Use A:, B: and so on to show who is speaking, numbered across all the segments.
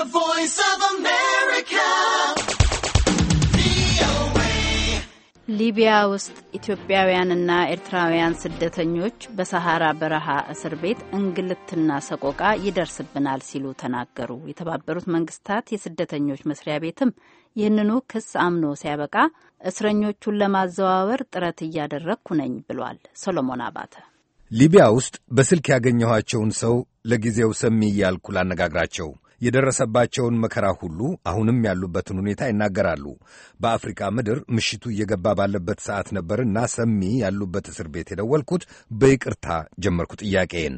A: The Voice of America. ሊቢያ ውስጥ ኢትዮጵያውያንና ኤርትራውያን ስደተኞች በሰሐራ በረሃ እስር ቤት እንግልትና ሰቆቃ ይደርስብናል ሲሉ ተናገሩ። የተባበሩት መንግስታት የስደተኞች መስሪያ ቤትም ይህንኑ ክስ አምኖ ሲያበቃ እስረኞቹን ለማዘዋወር ጥረት እያደረግኩ ነኝ ብሏል። ሰሎሞን አባተ ሊቢያ ውስጥ በስልክ ያገኘኋቸውን ሰው ለጊዜው ሰሚ እያልኩ ላነጋግራቸው የደረሰባቸውን መከራ ሁሉ አሁንም ያሉበትን ሁኔታ ይናገራሉ። በአፍሪካ ምድር ምሽቱ እየገባ ባለበት ሰዓት ነበርና ሰሚ ያሉበት እስር ቤት የደወልኩት በይቅርታ
B: ጀመርኩ ጥያቄን።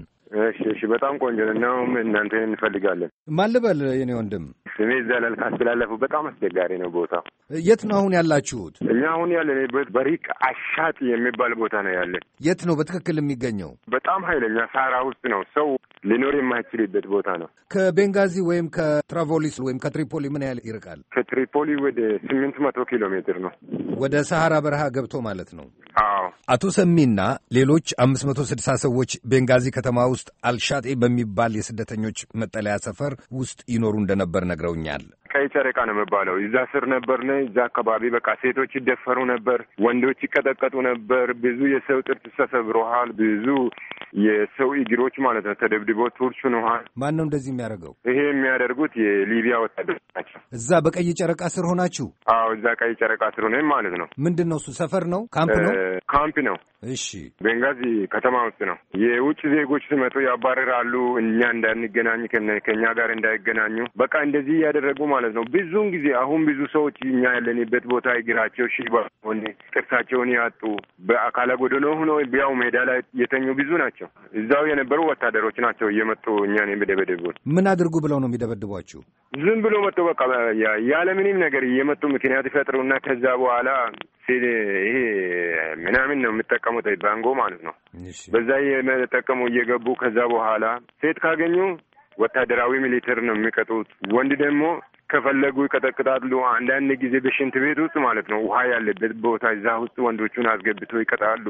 B: እሺ፣ እሺ፣ በጣም ቆንጆ ነው። እናንተ እንፈልጋለን።
A: ማልበል የኔ ወንድም?
B: ስሜ እዛ ላልካ አስተላለፉ። በጣም አስቸጋሪ ነው ቦታው።
A: የት ነው አሁን ያላችሁት? እኛ
B: አሁን ያለንበት በሪቅ አሻጥ የሚባል ቦታ ነው ያለን።
A: የት ነው በትክክል የሚገኘው?
B: በጣም ኃይለኛ ሳራ ውስጥ ነው። ሰው ሊኖር የማይችልበት ቦታ ነው።
A: ከቤንጋዚ ወይም ከትራቮሊስ ወይም ከትሪፖሊ ምን ያህል ይርቃል?
B: ከትሪፖሊ ወደ ስምንት መቶ ኪሎ ሜትር ነው።
A: ወደ ሰሐራ በረሃ ገብቶ ማለት ነው። አዎ አቶ ሰሚና ሌሎች አምስት መቶ ስድሳ ሰዎች ቤንጋዚ ከተማ ውስጥ አልሻጤ በሚባል የስደተኞች መጠለያ ሰፈር ውስጥ ይኖሩ እንደነበር ነግረውኛል።
B: ቀይ ጨረቃ ነው የሚባለው። እዛ ስር ነበርን። እዛ አካባቢ በቃ ሴቶች ይደፈሩ ነበር፣ ወንዶች ይቀጠቀጡ ነበር። ብዙ የሰው ጥርስ ተሰብረዋል። ብዙ የሰው እግሮች ማለት ነው ተደብድቦ ተወርሽነዋል።
A: ማን ነው እንደዚህ የሚያደርገው?
B: ይሄ የሚያደርጉት የሊቢያ ወታደሮች ናቸው።
A: እዛ በቀይ ጨረቃ ስር ሆናችሁ?
B: አዎ፣ እዛ ቀይ ጨረቃ ስር ሆነ ማለት ነው።
A: ምንድን ነው እሱ? ሰፈር ነው? ካምፕ ነው?
B: ካምፕ ነው። እሺ፣ ቤንጋዚ ከተማ ውስጥ ነው። የውጭ ዜጎች ሲመጡ ያባረራሉ፣ እኛ እንዳንገናኝ ከኛ ጋር እንዳይገናኙ፣ በቃ እንደዚህ እያደረጉ ማለት ነው። ብዙውን ጊዜ አሁን ብዙ ሰዎች እኛ ያለንበት ቦታ እግራቸው ሽባ ሆነ ጥርሳቸውን ያጡ በአካለ ጎደሎ ሆኖ ቢያው ሜዳ ላይ የተኙ ብዙ ናቸው። እዛው የነበሩ ወታደሮች ናቸው እየመጡ እኛ የሚደበደቡን።
A: ምን አድርጉ ብለው ነው የሚደበድቧችሁ?
B: ዝም ብሎ መጥቶ በቃ ያለምንም ነገር እየመጡ ምክንያት ይፈጥሩና ከዛ በኋላ ሲል ይሄ ምናምን ነው የምጠቀሙት ባንጎ ማለት ነው። በዛ የመጠቀሙ እየገቡ ከዛ በኋላ ሴት ካገኙ ወታደራዊ ሚሊተር ነው የሚቀጡት፣ ወንድ ደግሞ ከፈለጉ ይቀጠቅጣሉ። አንዳንድ ጊዜ በሽንት ቤት ውስጥ ማለት ነው፣ ውሃ ያለበት ቦታ እዛ ውስጥ ወንዶቹን አስገብቶ ይቀጣሉ።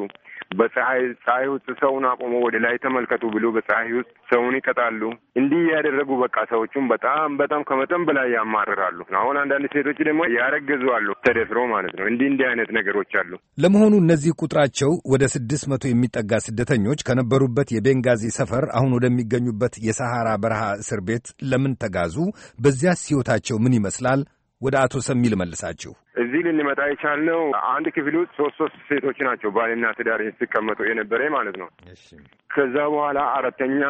B: በፀሐይ ፀሐይ ውስጥ ሰውን አቁሞ ወደ ላይ ተመልከቱ ብሎ በፀሐይ ውስጥ ሰውን ይቀጣሉ። እንዲህ ያደረጉ በቃ ሰዎቹን በጣም በጣም ከመጠን በላይ ያማርራሉ። አሁን አንዳንድ ሴቶች ደግሞ ያረገዙ አሉ፣ ተደፍሮ ማለት ነው። እንዲህ እንዲህ አይነት ነገሮች አሉ።
A: ለመሆኑ እነዚህ ቁጥራቸው ወደ ስድስት መቶ የሚጠጋ ስደተኞች ከነበሩበት የቤንጋዚ ሰፈር አሁን ወደሚገኙበት የሰሃራ በረሃ እስር ቤት ለምን ተጋዙ? በዚያስ ሕይወታቸው ሁኔታቸው ምን ይመስላል? ወደ አቶ ሰሚ ልመልሳችሁ።
B: እዚህ ልንመጣ የቻልነው አንድ ክፍል ውስጥ ሶስት ሶስት ሴቶች ናቸው ባልና ትዳር ሲቀመጡ የነበረ ማለት ነው። ከዛ በኋላ አራተኛ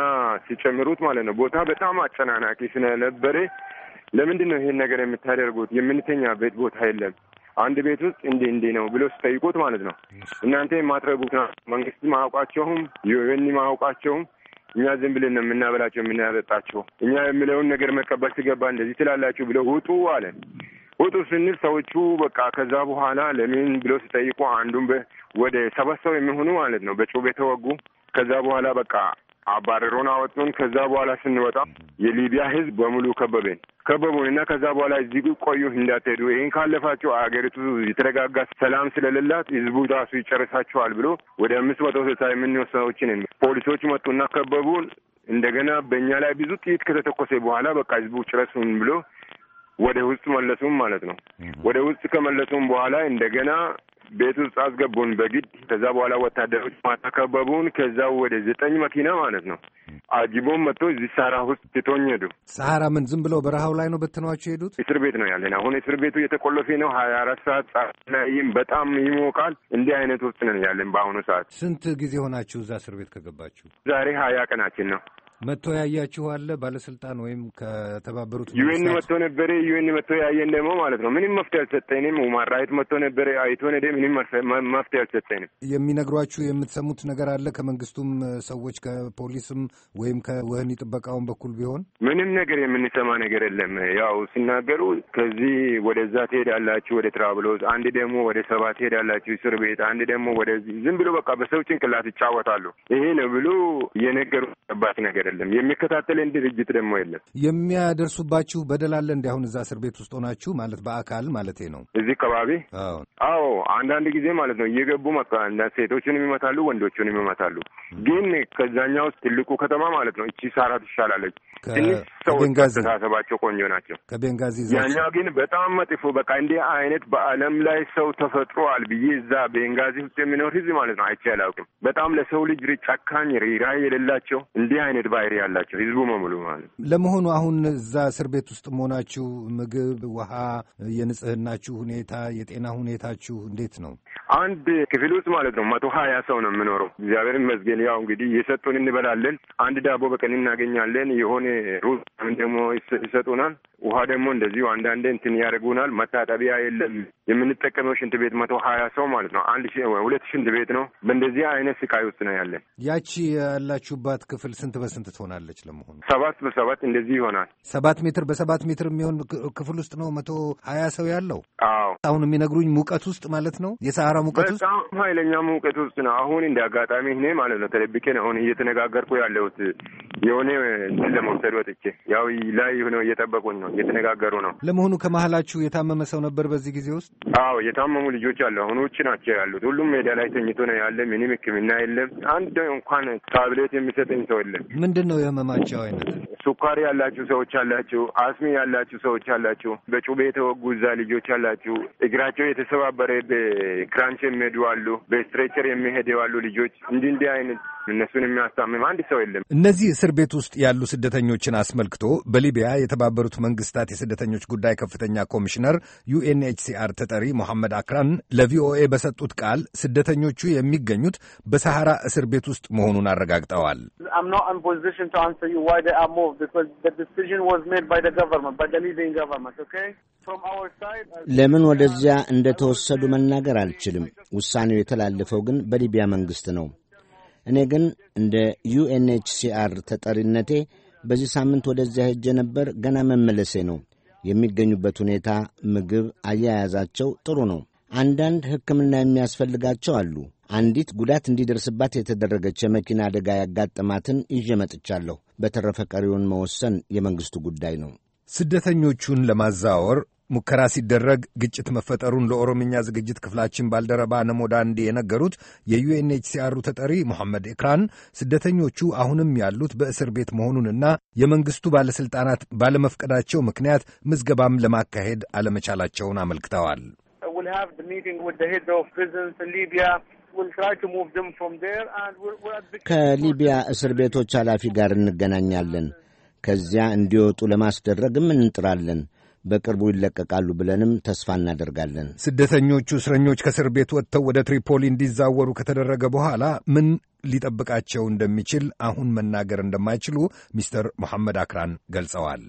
B: ሲጨምሩት ማለት ነው። ቦታ በጣም አጨናናቂ ስለነበረ ለምንድን ነው ይሄን ነገር የምታደርጉት? የምንተኛ ቤት ቦታ የለም አንድ ቤት ውስጥ እንዴ እንዴ ነው ብሎ ሲጠይቁት ማለት ነው እናንተ የማትረቡት መንግስት ማያውቃቸውም የኒ ማያውቃቸውም እኛ ዝም ብለን ነው የምናበላቸው የምናጠጣቸው። እኛ የምለውን ነገር መቀበል ሲገባ እንደዚህ ትላላችሁ ብለው ውጡ አለን። ውጡ ስንል ሰዎቹ በቃ ከዛ በኋላ ለምን ብለው ሲጠይቁ አንዱን ወደ ሰባት ሰው የሚሆኑ ማለት ነው በጩቤ ተወጉ። ከዛ በኋላ በቃ አባረሮን አወጡን። ከዛ በኋላ ስንወጣ የሊቢያ ህዝብ በሙሉ ከበበን ከበቡን እና ከዛ በኋላ እዚህ ቆዩ፣ እንዳትሄዱ፣ ይህን ካለፋቸው አገሪቱ የተረጋጋ ሰላም ስለሌላት ህዝቡ ራሱ ይጨርሳቸዋል ብሎ ወደ አምስት መቶ ስልሳ የምንሆን ሰዎችን ፖሊሶች መጡና ከበቡን። እንደገና በእኛ ላይ ብዙ ጥይት ከተተኮሰ በኋላ በቃ ህዝቡ ጭረሱን ብሎ ወደ ውስጥ መለሱም ማለት ነው። ወደ ውስጥ ከመለሱም በኋላ እንደገና ቤት ውስጥ አስገቡን በግድ። ከዛ በኋላ ወታደሮች ማታ ከበቡን። ከዛ ወደ ዘጠኝ መኪና ማለት ነው አጅቦም መጥቶ እዚህ ሳራ ውስጥ ትቶኝ ሄዱ።
A: ሳራ ምን ዝም ብለው በረሃው ላይ ነው በትነዋቸው ሄዱት።
B: እስር ቤት ነው ያለን አሁን። እስር ቤቱ የተቆለፌ ነው ሀያ አራት ሰዓት ጻላይም በጣም ይሞቃል። እንዲህ አይነት ውስጥ ነን ያለን በአሁኑ ሰዓት።
A: ስንት ጊዜ ሆናችሁ እዛ እስር ቤት ከገባችሁ?
B: ዛሬ ሀያ ቀናችን ነው።
A: መጥቶ ያያችሁ አለ ባለስልጣን ወይም ከተባበሩት
B: ዩኤን መጥቶ ነበረ። ዩኤን መጥቶ ያየን ደግሞ ማለት ነው። ምንም መፍትሄ አልሰጠኝም። ሁማን ራይት መጥቶ ነበረ አይቶ ነደ ምንም መፍትሄ አልሰጠኝም።
A: የሚነግሯችሁ የምትሰሙት ነገር አለ ከመንግስቱም ሰዎች ከፖሊስም ወይም ከወህኒ ጥበቃውን በኩል ቢሆን
B: ምንም ነገር የምንሰማ ነገር የለም። ያው ሲናገሩ ከዚህ ወደዛ ትሄዳላችሁ ወደ ትራብሎስ፣ አንድ ደግሞ ወደ ሰባ ትሄዳላችሁ እስር ቤት፣ አንድ ደግሞ ወደዚህ ዝም ብሎ በቃ በሰው ጭንቅላት ይጫወታሉ። ይሄ ነው ብሎ የነገሩ ባት ነገር አይደለም። የሚከታተለን ድርጅት ደግሞ የለም።
A: የሚያደርሱባችሁ በደል አለ እንዲ አሁን እዛ እስር ቤት ውስጥ ሆናችሁ ማለት በአካል ማለት ነው።
B: እዚህ አካባቢ አዎ፣ አንዳንድ ጊዜ ማለት ነው እየገቡ ሴቶችንም ይመታሉ፣ ወንዶችንም ይመታሉ። ግን ከዛኛ ውስጥ ትልቁ ከተማ ማለት ነው እቺ ሳራ ትሻላለች። ትንሽ ሰዎች አስተሳሰባቸው ቆንጆ ናቸው። ከቤንጋዚ ያኛው ግን በጣም መጥፎ በቃ እንዲህ አይነት በአለም ላይ ሰው ተፈጥሮአል ብዬ እዛ ቤንጋዚ ውስጥ የሚኖር ህዝብ ማለት ነው አይቼ አላውቅም። በጣም ለሰው ልጅ ጨካኝ ሪራ የሌላቸው እንዲህ አይነት ባህሪ ያላቸው ህዝቡ መሙሉ ማለት
A: ነው። ለመሆኑ አሁን እዛ እስር ቤት ውስጥ መሆናችሁ ምግብ፣ ውሃ፣ የንጽህናችሁ ሁኔታ፣ የጤና ሁኔታችሁ እንዴት ነው?
B: አንድ ክፍል ውስጥ ማለት ነው መቶ ሀያ ሰው ነው የምኖረው። እግዚአብሔር ይመስገን። ያው እንግዲህ የሰጡን እንበላለን። አንድ ዳቦ በቀን እናገኛለን። የሆነ ሩዝ ደግሞ ይሰጡናል። ውሃ ደግሞ እንደዚሁ አንዳንዴ እንትን ያደርጉናል። መታጠቢያ የለም። የምንጠቀመው ሽንት ቤት መቶ ሀያ ሰው ማለት ነው አንድ ሁለት ሽንት ቤት ነው። በእንደዚህ አይነት ስቃይ ውስጥ ነው ያለን።
A: ያቺ ያላችሁባት ክፍል ስንት በስንት ትሆናለች ለመሆኑ?
B: ሰባት በሰባት እንደዚህ ይሆናል።
A: ሰባት ሜትር በሰባት ሜትር የሚሆን ክፍል ውስጥ ነው መቶ ሀያ ሰው ያለው። አዎ አሁን የሚነግሩኝ ሙቀት ውስጥ ማለት ነው፣ የሰሃራ ሙቀት ውስጥ
B: በጣም ኃይለኛ ሙቀት ውስጥ ነው። አሁን እንደ አጋጣሚ እኔ ማለት ነው ተደብቄን አሁን እየተነጋገርኩ ያለሁት የሆነ ለመውሰድ ወጥቼ ያው ላይ ሆነ እየጠበቁኝ ነው፣ እየተነጋገሩ ነው።
A: ለመሆኑ ከመሀላችሁ የታመመ ሰው ነበር በዚህ ጊዜ ውስጥ?
B: አዎ የታመሙ ልጆች አሉ። አሁን ውጭ ናቸው ያሉት። ሁሉም ሜዳ ላይ ተኝቶ ነው ያለ። ምንም ሕክምና የለም። አንድ እንኳን ታብሌት የሚሰጠኝ ሰው የለም።
A: ምንድን ነው የህመማቸው አይነት?
B: ሱኳር ያላችሁ ሰዎች አላችሁ፣ አስሚ ያላችሁ ሰዎች አላችሁ፣ በጩቤ የተወጉዛ ልጆች አላችሁ፣ እግራቸው የተሰባበረ በክራንች የሚሄዱ አሉ፣ በስትሬቸር የሚሄዱ አሉ። ልጆች እንዲህ እንዲህ አይነት እነሱን የሚያስታምም አንድ ሰው የለም።
A: እነዚህ እስር ቤት ውስጥ ያሉ ስደተኞችን አስመልክቶ በሊቢያ የተባበሩት መንግስታት የስደተኞች ጉዳይ ከፍተኛ ኮሚሽነር ዩኤንኤችሲአር ተጠሪ ሞሐመድ አክራን ለቪኦኤ በሰጡት ቃል ስደተኞቹ የሚገኙት በሰሐራ እስር ቤት ውስጥ መሆኑን አረጋግጠዋል። ለምን ወደዚያ እንደ ተወሰዱ መናገር አልችልም። ውሳኔው የተላለፈው ግን በሊቢያ መንግሥት ነው። እኔ ግን እንደ ዩኤንኤችሲአር ተጠሪነቴ በዚህ ሳምንት ወደዚያ ሄጄ ነበር። ገና መመለሴ ነው። የሚገኙበት ሁኔታ፣ ምግብ አያያዛቸው ጥሩ ነው። አንዳንድ ሕክምና የሚያስፈልጋቸው አሉ። አንዲት ጉዳት እንዲደርስባት የተደረገች የመኪና አደጋ ያጋጠማትን ይዤ መጥቻለሁ። በተረፈ ቀሪውን መወሰን የመንግሥቱ ጉዳይ ነው። ስደተኞቹን ለማዛወር ሙከራ ሲደረግ ግጭት መፈጠሩን ለኦሮምኛ ዝግጅት ክፍላችን ባልደረባ ነሞዳ እንዲ የነገሩት የዩኤንኤችሲአሩ ተጠሪ ሞሐመድ ኢክራን ስደተኞቹ አሁንም ያሉት በእስር ቤት መሆኑንና የመንግሥቱ ባለሥልጣናት ባለመፍቀዳቸው ምክንያት ምዝገባም ለማካሄድ አለመቻላቸውን አመልክተዋል። ከሊቢያ እስር ቤቶች ኃላፊ ጋር እንገናኛለን። ከዚያ እንዲወጡ ለማስደረግም እንጥራለን። በቅርቡ ይለቀቃሉ ብለንም ተስፋ እናደርጋለን። ስደተኞቹ እስረኞች ከእስር ቤት ወጥተው ወደ ትሪፖሊ እንዲዛወሩ ከተደረገ በኋላ ምን ሊጠብቃቸው እንደሚችል አሁን መናገር እንደማይችሉ ሚስተር መሐመድ አክራን ገልጸዋል።